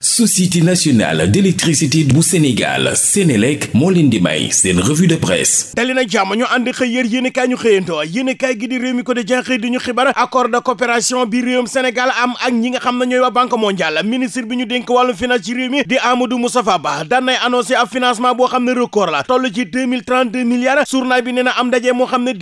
société nationale d'électricité bu Sénégal Sénélec moo leen di may seen revue de presse dali na ñu ànd xëy yér yéenekaay ñu xëyantoo yéenekaay gi di réew mi ko di jenxëy di ñu xibaar accord de coopération bi réewum Sénégal am ak ñi nga xam ne ñooy waa Banque mondiale ministre bi ñu dénk wàllu finance ci réew mi di Amadou Moustapha Ba daan nay ab financement boo xam ne record la toll ci 2032 milliards journal bi nee na am ndaje moo xam ne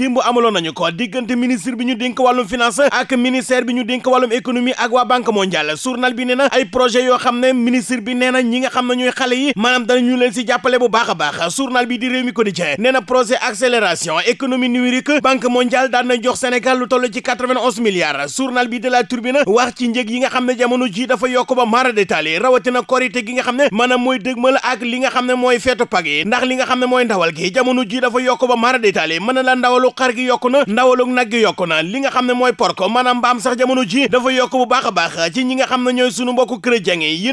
ko diggante ministre bi ñu dénk wàllum finance ak bi ñu dénk wàllum économie ak waa Banque mondiale journal bi nee na ay projet yoo xam ne ministre bi nee na ñi nga xam ne ñooy xale yi maanaam danañu leen si jàppale bu baax a baax journal bi di réew mi quotidien nee na projet accélération économie numérique banque mondiale daan na jox Sénégal lu toll ci 91 milliards bi de la wax ci njëg yi nga xam ne jamono ji dafa yokk ba mara détaillé rawatina korite gi nga xam ne maanaam mooy dëgmal ak li nga xam ne mooy feetu pag yi ndax li nga xam ne mooy ndawal gi jamono ji dafa yokk ba mara na la ndawalu xar gi yokku na ndawalu nag a baax ci ñi nga xam ne ñooy sunu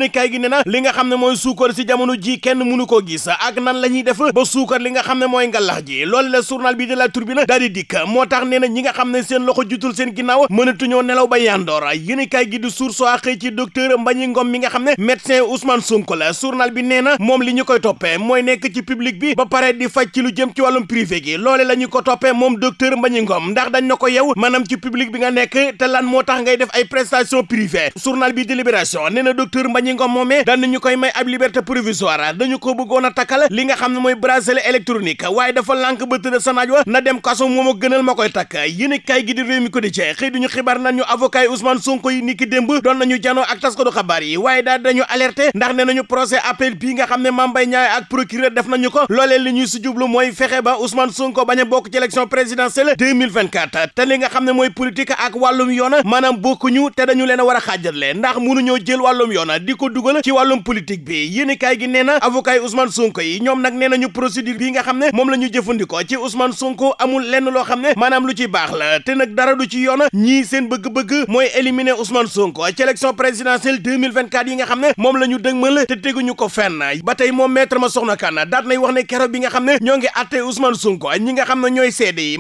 yéen kaay li nga xam ne mooy suukar si jamono ji kenn mënu ko gis ak nan la ñuy def ba suukar li nga xam ne mooy ngalax ji loolu la journal bi de la Tribune daal di dikk moo tax nee na ñi nga xam ne seen loxo jutul seen ginnaaw mënatuñoo nelaw ba yandoor yéen kaay gi di Source A xëy ci docteur mbañi ngoom mi nga xam ne médecin Ousmane Sonko la journal bi nee na moom li ñu koy toppee mooy nekk ci public bi ba pare di faj ci lu jëm ci wàllum privé gi loole la ñu ko toppee moom docteur Mbagnick Ngom ndax dañ na ko yow ci public bi nga nekk te lan moo tax ngay def ay prestation privée journal bi délibération nee nga moomee daan nañu koy may ab liberté provisoire dañu ko bëggoon takkal li nga xam ne mooy bracelet électronique waaye dafa lànk ba tëdd wa na dem kaso moom a gënal ma koy takk yéen kay gi di mi ko di cee xëy duñu xibaar nan ñu avocat yi Ousmane Sonko yi niki démb janoo ak tas ko yi waaye daal dañu alerté ndax ne nañu procès appel bii nga xam ne Mame Mbaye Niang ak procureur def nañu ko loolee li ñuy si mooy fexe ba Ousmane Sonko a bokk ci élection ko dugal ci wàllum politique bi yéenekaay gi nee na avocat yi yi ñoom nag nee nañu procédure bi nga xam ne moom la jëfandikoo ci Ousmane Sonko amul lenn loo xam ne maanaam lu ci baax la te nag dara du ci yoon ñii seen bëgg-bëgg mooy éliminer Ousmane Sonko ci élection présidentielle yi nga xam ne moom la dëgmal te teguñu ko fenn ba tey moom maître ma soxna kan daat nay wax ne keroog bi nga xam ne ñoo ngi àtte Ousmane Sonko ñi nga xam ne ñooy seede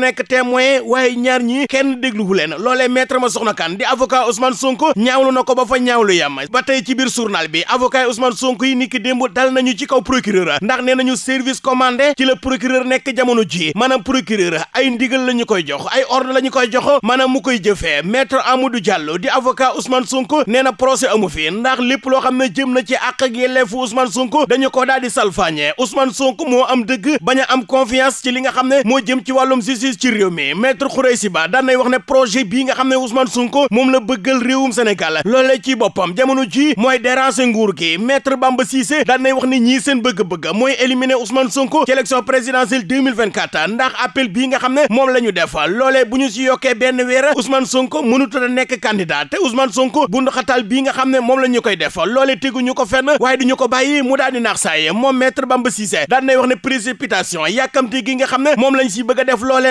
nekk témoin waaye ñaar ñi kenn dégluwu leen loolee maître ma soxna kan di avocat Ousmane Sonko ñaawlu na ko ba fa ñaawlu yam ba tey ci biir journal bi avocat Ousmane Sonko yi niki démb dal nañu ci kaw procureur ndax nee nañu service commandé ci la procureur nekk jamono ji maanaam procureur ay ndigal la ñu koy jox ay ordre la ñu koy jox maanaam mu koy jëfee maître Amadou Diallo di avocat Ousmane Sonko nee na amu fi ndax lépp xam ne jëm na ci a am justice ci réew mi maître Khoureysi Ba daan wax ne projet bii nga xam ne Ousmane Sonko moom la bëggal réewum Sénégal loolee ci boppam jamono ji mooy déranger nguur gi maître Bamba Cissé daan nay wax ne ñii bëgg-bëgg mooy éliminer Ousmane Sonko ci élection présidentielle ndax appel bii nga xam ne moom la ñu def bu ñu si yokkee benn weer Ousmane Sonko mënut a nekk candidat te Ousmane Sonko bundu bii nga xam ne moom la ñu koy def loolee teguñu ko fenn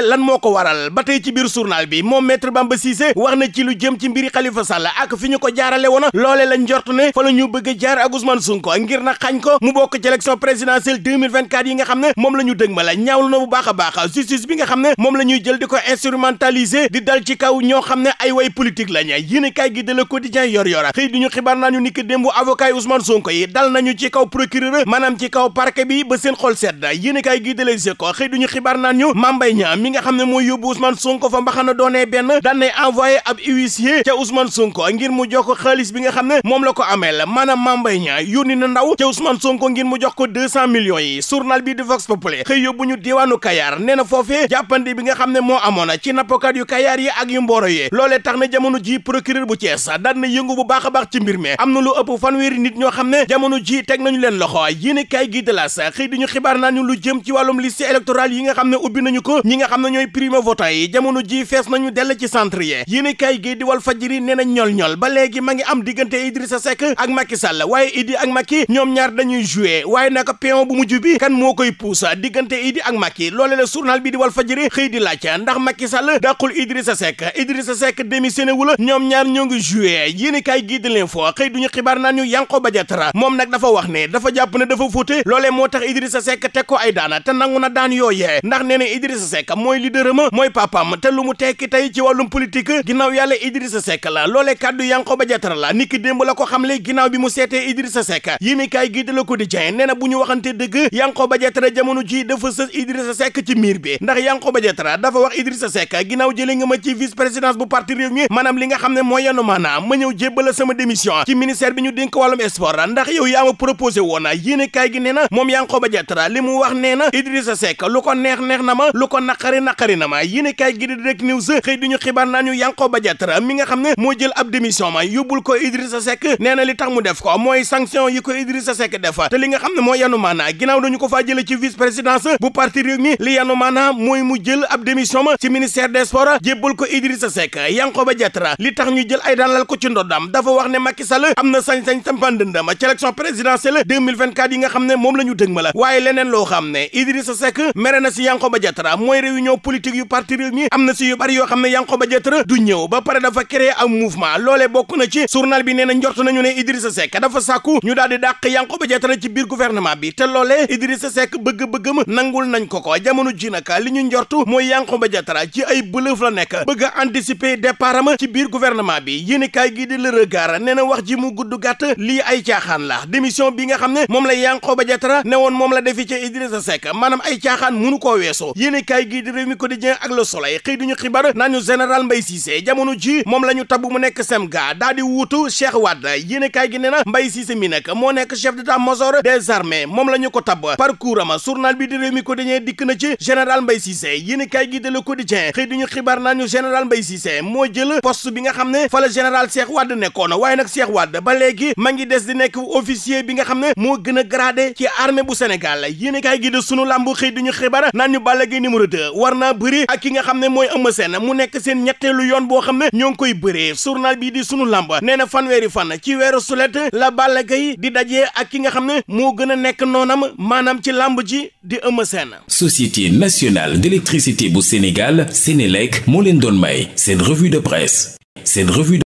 lan moo ko waral ba tey ci biir journal bi moom maître Bamba Cissé wax na ci lu jëm ci mbiri Khalifa salla ak fi ñu ko jaarale woon loole lañ njort ne fa la ñu bëgg a jaar ak Ousmane ngir na xañ ko mu bokk ci élection présidentielle 2024 yi nga xam ne moom la ñu dëgmal ñaawlu na bu baax a baax bi nga xam ne moom la ñuy jël di ko instrumentaliser di dal ci kaw ñoo xam ne ay way politique la yéen kaay gi de Le Quotidien yor yor xëy di ñu xibaar naa ñu ni ki démb avocat yi Ousmane Sonko yi dal nañu ci kaw procureur maanaam ci kaw parquet bi ba seen xol sedd yéen kaay gi de Les Échos xëy duñu xibaar naan ñu Mame Mbaye Niang mi nga xam ne mooy yóbbu Ousmane Sonko fa mbaxana doonee benn daan nay envoyé ab huissier ca bi nga xam ne moom la ko ameel maanaam Mame Mbaye Niang yónni na ndaw ca Ousmane Sonko ngir mu jox ko deux cent millions yi journal bi di Vox Populi xëy yóbbu ñu diwaanu Kayar nee na foofee jàppandi bi nga xam ne moo amoon ci nappkat yu Kayar yi ak yu Mboro yi loolee tax na jamono ji procureur bu Thiès daan na yëngu bu baax a baax ci mbir mi am na lu ëpp fanweeri nit ñoo xam ne jamono ji teg nañu leen loxo yéen kay gi de la xëy di ñu xibaar naa ñu lu yi nga xam ne ubbi nañu ko na ne ñooy primo votant yi jamono ji fees nañu dell ci centre yi yéenekaay gi di Walf Fadjri nee na ñol-ñol ba léegi ma ngi am diggante Idrissa Seck ak Macky Sall waaye Idi ak Macky ñoom ñaar dañuy jouer waaye naka pion bu bi kan moo koy puusa diggante Idi ak Macky loole la journal bi di Walf Fadjri xëy di laaj ndax Macky Sall dàqul Idrissa Seck Idrissa Seck démissionné wu la ñoom ñaar ñoo ngi jouer yéenekaay gi di L'Info xëy duñu xibaar naan ñu Yankhoba Diattara moom nag dafa wax ne dafa jàpp ne dafa fóote loolee moo tax Idrissa Seck teg ko ay daana te nangu na daan yooyee ndax nee na Idrissa Seck mooy leader ma mooy papam te lu mu tekki tey ci wàllum politique ginnaaw yàlla Idrissa Seck la loolee kàddu Yankhoba Diattara la niki démb la ko xamle ginnaaw bi mu seetee Idrissa Seck yéen kaay gi de la Quotidien nee na bu ci miir bi ndax Yankhoba Diattara dafa wax Idrissa Seck ginnaaw jëlee nga ma ci vice présidence bu parti réew mi li nga xam ne mooy yenu maanaam ma ñëw jébbala sama démission ci ministère bi ñu dénk wàllum sport ndax yow yaa ma proposé woon loolee naqari na ma yéen kaay gi di Direct News xëy di xibaar naa ñu Yankhoba Diattara mi nga xam ne moo jël ab démission ma yóbbul ko Idrissa Seck nee na li tax mu def ko mooy sanction yi ko Idrissa Seck def te li nga xam ne moo yanu maanaa ginnaaw dañu ko faa jële ci vice présidence bu parti Rewmi li yanu maanaa mooy mu jël ab démission ma ci ministère des sports jébbal ko Idrissa Seck Yankhoba Diattara li tax ñu jël ay daanlal ko ci ndoddam dafa wax réunion politique yu parti Rewmi am na si yu bari yoo xam ne Yankhoba Diattara du ñëw ba pare dafa créer am mouvement loolee bokk na ci journal bi nee na njort nañu ne Idrissa Seck dafa sàkku ñu daal di dàq Yankhoba Diattara ci biir gouvernement bi te loolee Idrissa Seck bëgg-bëggam ko ko jamono ji nag li ñu njortu mooy Yankhoba Diattara ci ay bluff la nekk bëgg a anticiper départ am ci biir guvernement bi yéenekaay gi di Le Regard nee na wax ji mu gudd gàtt lii ay caaxaan la démission bi nga xam ne moom la Yankhoba Diattara ne woon moom la defi ci Idrissa Seck maanaam ay caaxaan mënu koo weesoo réew mi quotidien ak le soleil xëy duñu xibaar naan ñu général Mbaye Cissé jamono ji moom la ñu mu nekk semga daa di wuutu Cheikh Wade yéene kaay gi nee na Mbaye mi nag moo nekk chef d'état-major des moom la ko tabb parcours am journal bi di réew mi quotidien dikk na ci général Mbaye Cissé yéene kaay gi de le quotidien xëy duñu xibaar naan ñu général Mbaye Cissé moo jël poste bi nga xam ne fa la général Cheikh nekkoon waaye nag Cheikh Wade ba a war naa bëri ak ki nga xam ne mooy Eumeu Sène mu nekk seen ñetteelu yoon boo xam ne ñoo ngi koy bëree journal bii di sunu lamb nee na fanweeri fan ci weeru sulet la Balla Gaye di dajee ak ki nga xam ne moo gën a nekk noonam maanaam ci lamb ji di Eumeu Sène Société nationale d'électricité bu Sénégal Sénélec moo leen doon may seen revue de presse seen revue de...